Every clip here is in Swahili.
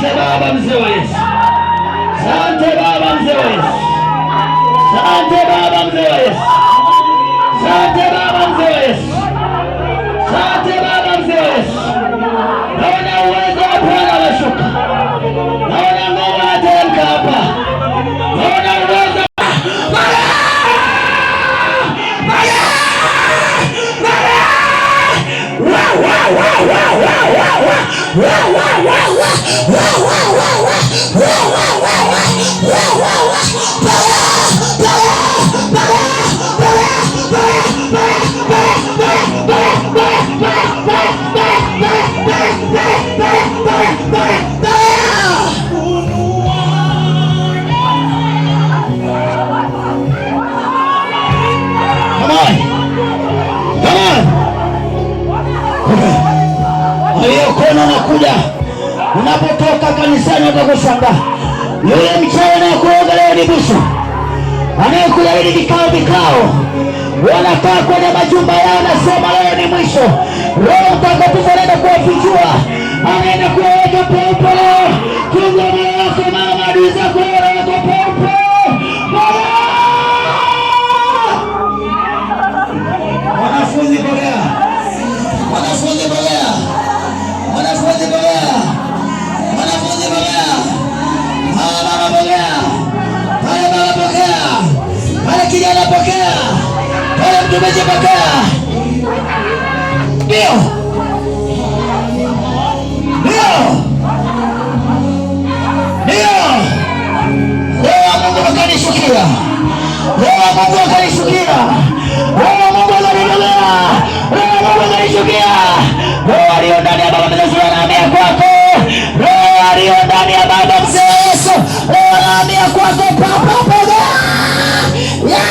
Sante Baba mzee wa Yesu. Sante Baba mzee wa Yesu. Sante Baba mzee wa Yesu. aliyekona nakuja. Unapotoka kanisani watakushangaa. Yule mchawi anayekuoga leo ni busu, anayekuja vikao vikao, wanakaa kwenye majumba yao, anasema leo ni mwisho. Roho Mtakatifu anaenda kuwafichua, anaenda kuwaweka peupe leo. Kinga yako mama, adui zako leo tunapokea. pale, mtumishi pokea, ndio ndio ndio. Roho Mungu akanishukia, Roho Mungu akanishukia, Roho Mungu akanibebea, Roho Mungu akanishukia. Roho aliyo ndani ya baba mzazi anahamia kwako, Roho aliyo ndani ya baba mzee Yesu anahamia kwako, papa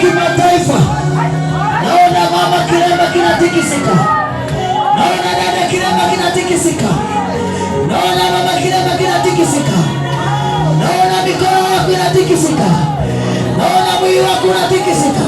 kimataifa. Naona mama kilemba kinatikisika, naona dada kilemba kinatikisika, naona mama kilemba kinatikisika, naona mikono yako inatikisika, naona mwili wako unatikisika.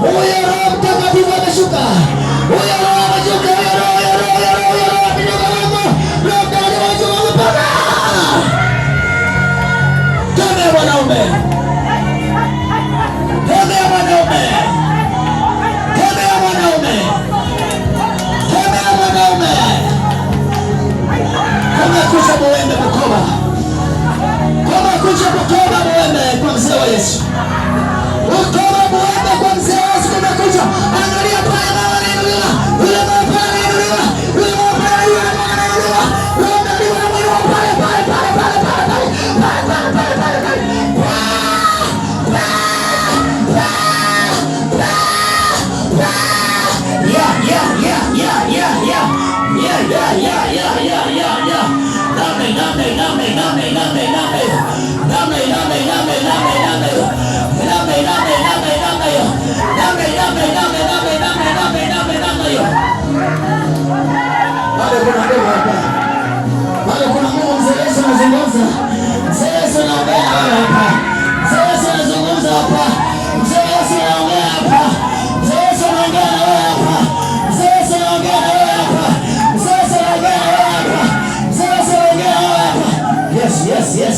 Huyo Roho Mtakatifu ameshuka, huyo Roho ameshuka, huyo Roho Amen. kucha muende Bukoba, koma kucha Bukoba, muende kwa mzee wa Yesu uko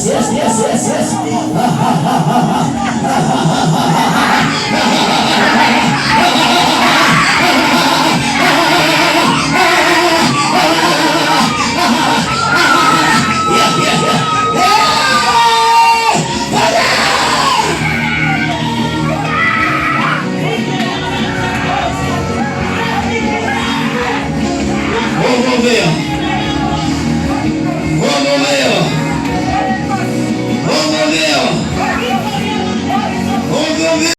yes, yes, yes, yes, yes. Vamos ver.